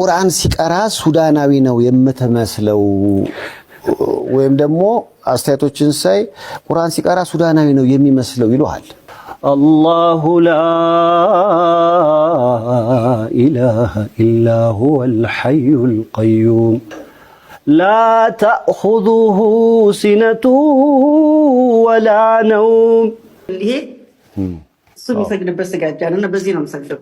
ቁርአን ሲቀራ ሱዳናዊ ነው የምትመስለው ወይም ደግሞ አስተያየቶችን ሳይ ቁርአን ሲቀራ ሱዳናዊ ነው የሚመስለው ይለሃል። አላሁ ላ ኢላሃ ኢላ ሁወል ሐዩል ቀዩም ላ ተእኹዙሁ ሲነቱ ወላ ነውም። ይሄ እሱ የሚሰግድበት ስጋጃ ነው እና በዚህ ነው የምሰግደው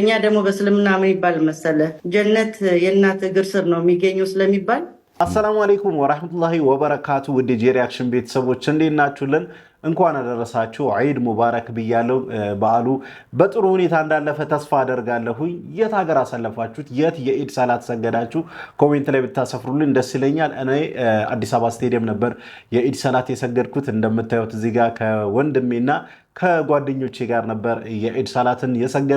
እኛ ደግሞ በእስልምና ምን ይባል መሰለ ጀነት የእናት እግር ስር ነው የሚገኘው ስለሚባል አሰላሙ አሌይኩም ወራህመቱላሂ ወበረካቱ ውድ የጄ ቤተሰቦች እንዴት ናችሁልን? እንኳን አደረሳችሁ። ዒድ ሙባረክ ብያለው። በዓሉ በጥሩ ሁኔታ እንዳለፈ ተስፋ አደርጋለሁኝ። የት ሀገር አሳለፋችሁት? የት የኢድ ሰላት ሰገዳችሁ? ኮሜንት ላይ ብታሰፍሩልን ደስ ይለኛል። እኔ አዲስ አበባ ስቴዲየም ነበር የኢድ ሰላት የሰገድኩት። እንደምታዩት እዚህ ጋር ከወንድሜና ከጓደኞቼ ጋር ነበር የኢድ ሰላትን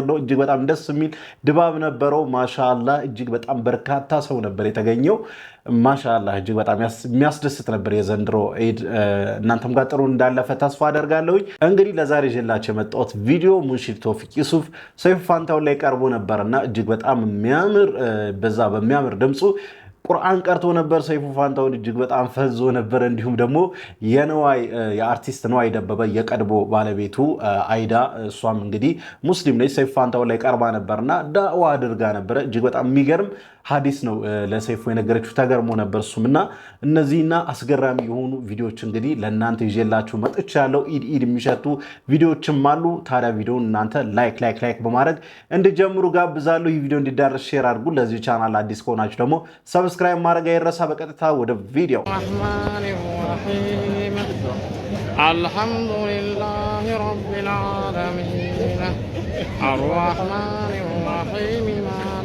ነው። እጅግ በጣም ደስ የሚል ድባብ ነበረው። ማሻላ እጅግ በጣም በርካታ ሰው ነበር የተገኘው። ማሻላ እጅግ በጣም የሚያስደስት ነበር የዘንድሮ ኢድ። እናንተም ጋር ጥሩ እንዳለፈ ተስፋ አደርጋለሁኝ። እንግዲህ ለዛሬ ይዤላችሁ የመጣሁት ቪዲዮ ሙንሺድ ቶፊቅ ዩሱፍ ሰይፉ ፋንታሁን ላይ ቀርቦ ነበርና እጅግ በጣም የሚያምር በዛ በሚያምር ድምፁ ቁርአን ቀርቶ ነበር። ሰይፉ ፋንታሁን እጅግ በጣም ፈዞ ነበር። እንዲሁም ደግሞ የነዋይ የአርቲስት ነዋይ ደበበ የቀድሞ ባለቤቱ አይዳ፣ እሷም እንግዲህ ሙስሊም ነች። ሰይፉ ፋንታሁን ላይ ቀርባ ነበርና ዳዋ አድርጋ ነበረ። እጅግ በጣም የሚገርም ሀዲስ ነው ለሰይፉ የነገረችው። ተገርሞ ነበር እሱም እና እነዚህና አስገራሚ የሆኑ ቪዲዮዎች እንግዲህ ለእናንተ ይዤላችሁ መጥቻ ያለው ኢድ ኢድ የሚሸቱ ቪዲዮዎችም አሉ። ታዲያ ቪዲዮን እናንተ ላይክ ላይክ ላይክ በማድረግ እንድጀምሩ ጋብዛለሁ። ይህ ቪዲዮ እንዲዳረስ ሼር አድርጉ። ለዚህ ቻናል አዲስ ከሆናችሁ ደግሞ ሰብስክራይብ ማድረግ አይረሳ። በቀጥታ ወደ ቪዲዮ አልሐምዱሊላህ ረቢል ዓለሚን አርራሕማን ራሒም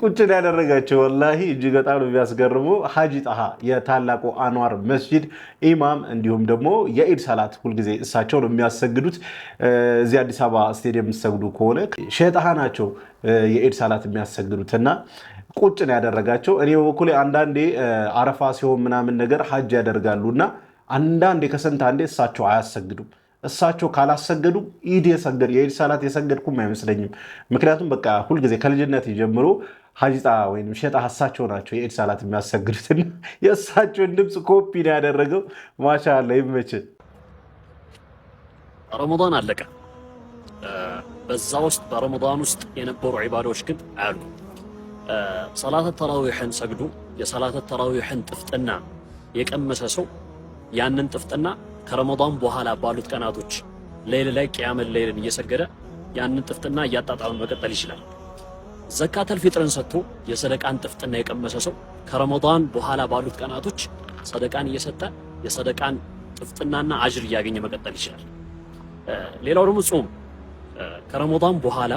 ቁጭን ያደረጋቸው ወላሂ እጅግ በጣም ነው የሚያስገርሙ። ሀጂ ጣሃ የታላቁ አንዋር መስጂድ ኢማም እንዲሁም ደግሞ የኢድ ሰላት ሁልጊዜ እሳቸው ነው የሚያሰግዱት። እዚህ አዲስ አበባ ስቴዲየም የሚሰግዱ ከሆነ ሸጣሃ ናቸው የኢድ ሰላት የሚያሰግዱት እና ነው ያደረጋቸው። እኔ በበኩሌ አንዳንዴ አረፋ ሲሆን ምናምን ነገር ሀጅ ያደርጋሉ እና አንዳንዴ ከስንት አንዴ እሳቸው አያሰግዱም እሳቸው ካላሰገዱ ኢድ የሰገድ የኢድ ሰላት የሰገድኩም አይመስለኝም። ምክንያቱም በቃ ሁልጊዜ ከልጅነት ጀምሮ ሀጂጣ ወይም ሸጣ እሳቸው ናቸው የኢድ ሰላት የሚያሰግዱትና የእሳቸውን ድምፅ ኮፒ ነው ያደረገው። ማሻላ ይመች። ረመዳን አለቀ። በዛ ውስጥ በረመዳን ውስጥ የነበሩ ዒባዳዎች ግን አሉ። ሰላተ ተራዊሕን ሰግዱ። የሰላተ ተራዊሕን ጥፍጥና የቀመሰ ሰው ያንን ጥፍጥና ከረመዳን በኋላ ባሉት ቀናቶች ሌይል ላይ ቅያመል ሌይልን እየሰገደ ያንን ጥፍጥና እያጣጣመ መቀጠል ይችላል። ዘካተል ፊጥርን ሰጥቶ የሰደቃን ጥፍጥና የቀመሰ ሰው ከረመዳን በኋላ ባሉት ቀናቶች ሰደቃን እየሰጠ የሰደቃን ጥፍጥናና አጅር እያገኘ መቀጠል ይችላል። ሌላው ደግሞ ጾም ከረመዳን በኋላ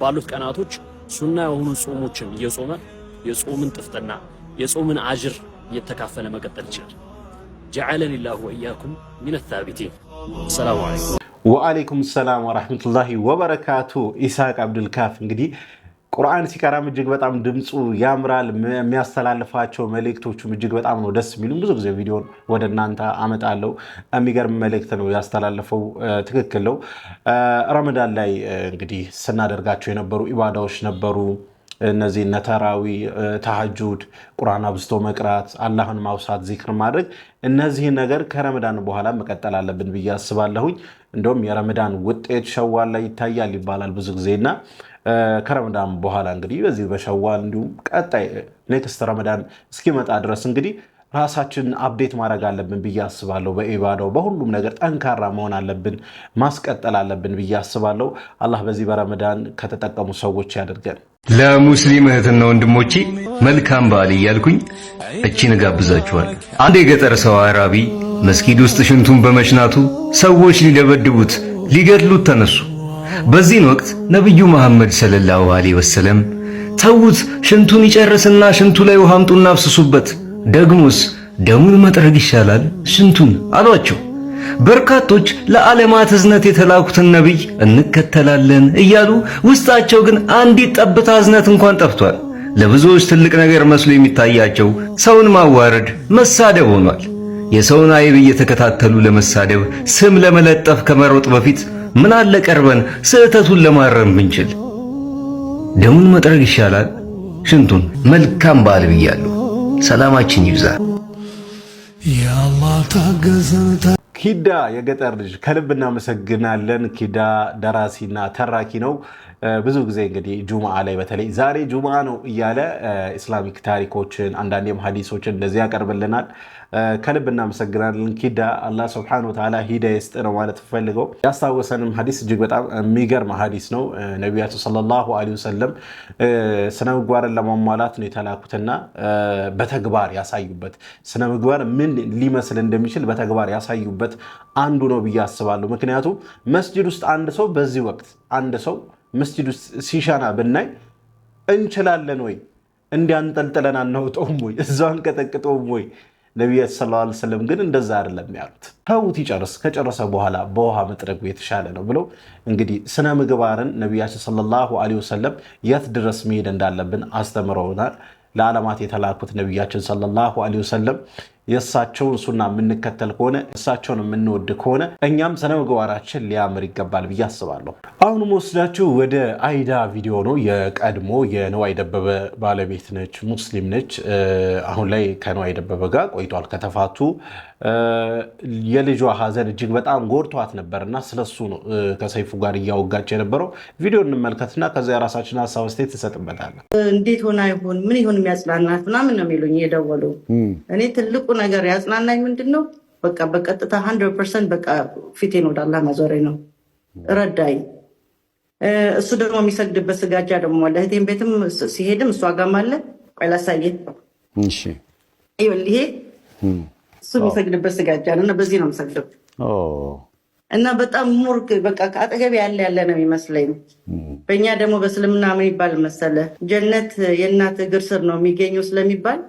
ባሉት ቀናቶች ሱና የሆኑ ጾሞችን እየጾመ የጾምን ጥፍጥና የጾምን አጅር እየተካፈለ መቀጠል ይችላል። ጀዓለኒ ላሁ ወኢያኩም ሚነ ሳቢቲን። ሰላሙ አለይኩም ወአለይኩም ሰላም ወረሕመቱላሂ ወበረካቱ። ኢስሐቅ አብዱልካፍ እንግዲህ ቁርአን ሲቀራም እጅግ በጣም ድምፁ ያምራል። የሚያስተላልፋቸው መልእክቶቹም እጅግ በጣም ነው ደስ የሚሉ። ብዙ ጊዜ ቪዲዮን ወደ እናንተ አመጣለው። የሚገርም መልእክት ነው ያስተላለፈው። ትክክል ነው። ረመዳን ላይ እንግዲህ ስናደርጋቸው የነበሩ ኢባዳዎች ነበሩ። እነዚህ ነተራዊ፣ ተሐጁድ፣ ቁርአን አብዝቶ መቅራት፣ አላህን ማውሳት፣ ዚክር ማድረግ እነዚህን ነገር ከረመዳን በኋላ መቀጠል አለብን ብዬ አስባለሁኝ። እንደውም የረመዳን ውጤት ሸዋል ላይ ይታያል ይባላል ብዙ ጊዜና ከረመዳን በኋላ እንግዲህ በዚህ በሸዋል እንዲሁም ቀጣይ ኔክስት ረመዳን እስኪመጣ ድረስ እንግዲህ ራሳችን አብዴት ማድረግ አለብን ብዬ አስባለሁ። በኢባዳው በሁሉም ነገር ጠንካራ መሆን አለብን፣ ማስቀጠል አለብን ብዬ አስባለሁ። አላህ በዚህ በረመዳን ከተጠቀሙ ሰዎች ያደርገን። ለሙስሊም እህትና ወንድሞቼ መልካም በዓል እያልኩኝ እቺን ጋብዛችኋል። አንድ የገጠር ሰው አራቢ መስጊድ ውስጥ ሽንቱን በመሽናቱ ሰዎች ሊደበድቡት ሊገድሉት ተነሱ። በዚህን ወቅት ነቢዩ መሐመድ ሰለላሁ ዐለይሂ ወሰለም ተዉት፣ ሽንቱን ይጨርስና ሽንቱ ላይ ውሃ አምጡና አፍስሱበት ደግሞስ ደሙን መጥረግ ይሻላል ሽንቱን አሏቸው። በርካቶች ለዓለማት እዝነት የተላኩትን ነቢይ እንከተላለን እያሉ ውስጣቸው ግን አንዲት ጠብታ እዝነት እንኳን ጠፍቷል። ለብዙዎች ትልቅ ነገር መስሎ የሚታያቸው ሰውን ማዋረድ መሳደብ ሆኗል። የሰውን አይብ እየተከታተሉ ለመሳደብ ስም ለመለጠፍ ከመሮጥ በፊት ምን አለ ቀርበን ስህተቱን ለማረም ብንችል። ደሙን መጥረግ ይሻላል ሽንቱን። መልካም በዓል ብያለሁ። ሰላማችን ይብዛ። ኪዳ የገጠር ልጅ ከልብ እናመሰግናለን። ኪዳ ደራሲና ተራኪ ነው። ብዙ ጊዜ እንግዲህ ጁምዓ ላይ በተለይ ዛሬ ጁምዓ ነው እያለ ኢስላሚክ ታሪኮችን አንዳንዴም ሀዲሶችን እንደዚህ ያቀርብልናል። ከልብ እናመሰግናለን። ኪዳ አላህ ስብሐነ ወተዓላ ሂዳ የስጥ ነው ማለት ፈልገው ያስታወሰንም ሀዲስ እጅግ በጣም የሚገርም ሀዲስ ነው። ነቢያቱ ሰለላሁ ዐለይሂ ወሰለም ስነ ምግባርን ለማሟላት ነው የተላኩትና በተግባር ያሳዩበት ስነ ምግባር ምን ሊመስል እንደሚችል በተግባር ያሳዩበት አንዱ ነው ብዬ አስባለሁ። ምክንያቱም መስጅድ ውስጥ አንድ ሰው በዚህ ወቅት አንድ ሰው መስጅድ ውስጥ ሲሻና ብናይ እንችላለን ወይ? እንዲያንጠልጥለን አናውጠውም ወይ? እዛን ቀጠቅጠውም ወይ? ነቢያት ሰለላሁ ዐለይሂ ወሰለም ግን እንደዛ አይደለም ያሉት። ተውት ይጨርስ፣ ከጨረሰ በኋላ በውሃ መጥረጉ የተሻለ ነው ብለው እንግዲህ ስነ ምግባርን ነቢያችን ሰለላሁ ዐለይሂ ወሰለም የት ድረስ መሄድ እንዳለብን አስተምረውናል። ለዓለማት የተላኩት ነቢያችን ሰለላሁ ዐለይሂ ወሰለም የእሳቸውን ሱና የምንከተል ከሆነ እሳቸውን የምንወድ ከሆነ እኛም ምግባራችን ሊያምር ይገባል ብዬ አስባለሁ። አሁን ወስዳችሁ ወደ አይዳ ቪዲዮ ነው። የቀድሞ የነዋይ ደበበ ባለቤት ነች፣ ሙስሊም ነች። አሁን ላይ ከነዋይ ደበበ ጋር ቆይቷል ከተፋቱ። የልጇ ሀዘን እጅግ በጣም ጎድቷት ነበር እና ስለሱ ነው ከሰይፉ ጋር እያወጋች የነበረው። ቪዲዮ እንመልከትና ከዚ የራሳችን ሀሳብ ስቴት ትሰጥበታለን። እንዴት ሆና ይሆን ምን ይሁን የሚያጽናናት ምናምን ነው የሚሉኝ የደወሉ እኔ ትልቁ ነገር ያጽናናኝ ምንድን ነው፣ በቃ በቀጥታ ሀንድረድ ፐርሰንት በቃ ፊቴን ወደ አላህ ማዞሬ ነው ረዳኝ። እሱ ደግሞ የሚሰግድበት ስጋጃ ደግሞ አለ። እህቴን ቤትም ሲሄድም እሷ ጋም አለ። ቆይ ላሳየህ። ይሄ እሱ የሚሰግድበት ስጋጃ ነው እና በዚህ ነው የምሰግደው እና በጣም ሙር በቃ ከአጠገብ ያለ ያለ ነው የሚመስለኝ። በእኛ ደግሞ በእስልምና ምን ይባል መሰለ ጀነት የእናት እግር ስር ነው የሚገኘው ስለሚባል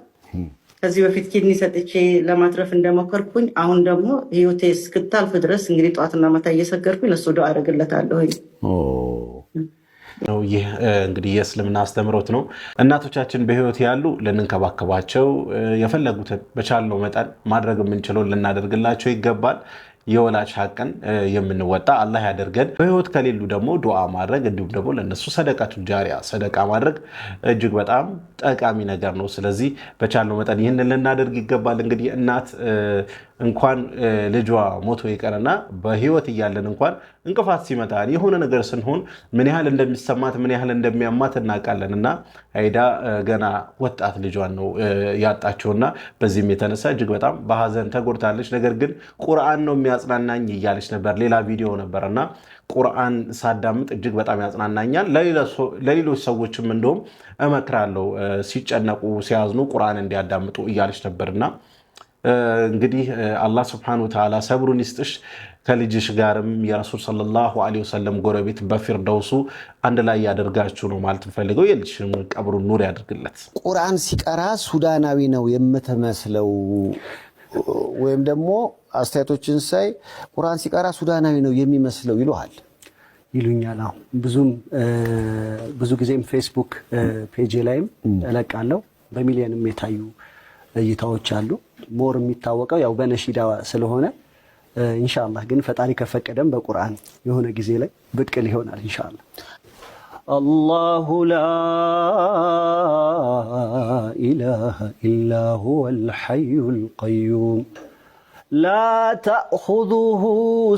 ከዚህ በፊት ኪድኒ ሰጥቼ ለማትረፍ እንደሞከርኩኝ አሁን ደግሞ ህይወቴ እስክታልፍ ድረስ እንግዲህ ጠዋትና ማታ እየሰገርኩኝ ለሱ ዱዓ አደርግለታለሁኝ። ይህ እንግዲህ የእስልምና አስተምሮት ነው። እናቶቻችን በህይወት ያሉ ልንንከባከባቸው የፈለጉትን በቻልነው መጠን ማድረግ የምንችለው ልናደርግላቸው ይገባል። የወላጅ ሀቅን የምንወጣ አላህ ያደርገን። በህይወት ከሌሉ ደግሞ ዱዓ ማድረግ እንዲሁም ደግሞ ለእነሱ ሰደቃቱ ጃሪያ ሰደቃ ማድረግ እጅግ በጣም ጠቃሚ ነገር ነው። ስለዚህ በቻልነው መጠን ይህንን ልናደርግ ይገባል። እንግዲህ እናት እንኳን ልጇ ሞቶ ይቀርና በህይወት እያለን እንኳን እንቅፋት ሲመጣ የሆነ ነገር ስንሆን ምን ያህል እንደሚሰማት ምን ያህል እንደሚያማት እናውቃለን። እና አይዳ ገና ወጣት ልጇን ነው ያጣችውና በዚህም የተነሳ እጅግ በጣም በሀዘን ተጎድታለች። ነገር ግን ቁርአን ነው የሚያጽናናኝ እያለች ነበር። ሌላ ቪዲዮ ነበር እና ቁርአን ሳዳምጥ እጅግ በጣም ያጽናናኛል። ለሌሎች ሰዎችም እንደውም እመክራለሁ ሲጨነቁ ሲያዝኑ ቁርአን እንዲያዳምጡ እያለች ነበርና እንግዲህ አላህ ስብሐነሁ ወተዓላ ሰብሩን ይስጥሽ ከልጅሽ ጋርም የረሱል ሰለላሁ ዐለይሂ ወሰለም ጎረቤት በፊርደውሱ አንድ ላይ ያደርጋችሁ ነው ማለት ንፈልገው። የልጅሽም ቀብሩን ኑር ያድርግለት። ቁርአን ሲቀራ ሱዳናዊ ነው የምትመስለው ወይም ደግሞ አስተያየቶችን ሳይ ቁርአን ሲቀራ ሱዳናዊ ነው የሚመስለው ይሉሃል ይሉኛል። አሁን ብዙም ብዙ ጊዜም ፌስቡክ ፔጅ ላይም እለቃለሁ። በሚሊየንም የታዩ እይታዎች አሉ። ሞር የሚታወቀው ያው በነሺዳ ስለሆነ ኢንሻአላህ ግን ፈጣሪ ከፈቀደም በቁርአን የሆነ ጊዜ ላይ ብቅ ይሆናል ኢንሻአላህ። አላሁ ላ ኢላሃ ኢላ ሁወል ሐዩል ቀዩም ላ ተእኹዙሁ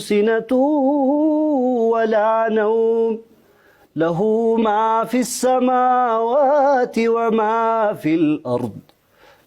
ሲነቱ ወላ ነውም ለሁ ማ ፊ ሰማዋት ወማ ፊል አርድ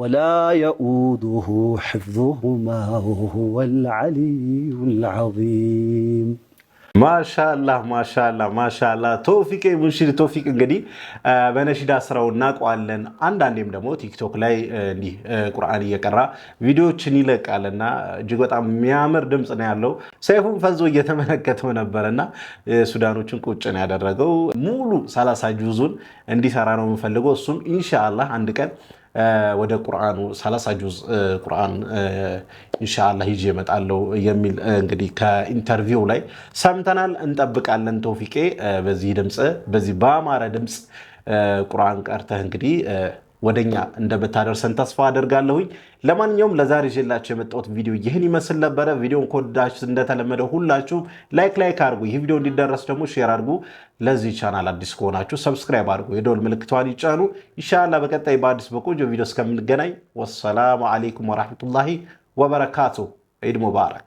ወላ የኡዱሁ ሕፍዙሁማ ወሁወል ዓሊዩል ዓዚም። ማሻላ ማሻላ ማሻላ ቶፊቅ ሙንሺድ ቶፊቅ እንግዲህ በነሺዳ ስራው እናውቀዋለን። አንዳንዴም ደግሞ ቲክቶክ ላይ እንዲህ ቁርአን እየቀራ ቪዲዮዎችን ይለቃልና እጅግ በጣም የሚያምር ድምፅ ነው ያለው። ሰይፉን ፈዞ እየተመለከተው ነበረና ሱዳኖችን ቁጭ ነው ያደረገው። ሙሉ ሰላሳ ጁዙን እንዲሰራ ነው የምፈልገው እሱም ኢንሻአላህ አንድ ቀን ወደ ቁርአኑ ሰላሳ ጁዝ ቁርአን እንሻላ ይዤ እመጣለሁ የሚል እንግዲህ ከኢንተርቪው ላይ ሰምተናል። እንጠብቃለን። ተውፊቄ በዚህ ድምፅ በዚህ በአማረ ድምፅ ቁርአን ቀርተህ እንግዲህ ወደኛ እንደምታደርሰን ተስፋ አደርጋለሁኝ። ለማንኛውም ለዛሬ ይዤላችሁ የመጣሁት ቪዲዮ ይህን ይመስል ነበረ። ቪዲዮን ከወደዳችሁ እንደተለመደው ሁላችሁም ላይክ ላይክ አድርጉ። ይህ ቪዲዮ እንዲደረስ ደግሞ ሼር አድርጉ። ለዚህ ቻናል አዲስ ከሆናችሁ ሰብስክራይብ አድርጉ፣ የደወል ምልክቷን ይጫኑ። ኢንሻላህ በቀጣይ በአዲስ በቆንጆ ቪዲዮ እስከምንገናኝ ወሰላሙ አሌይኩም ወራህመቱላሂ ወበረካቱ። ዒድ ሙባረክ።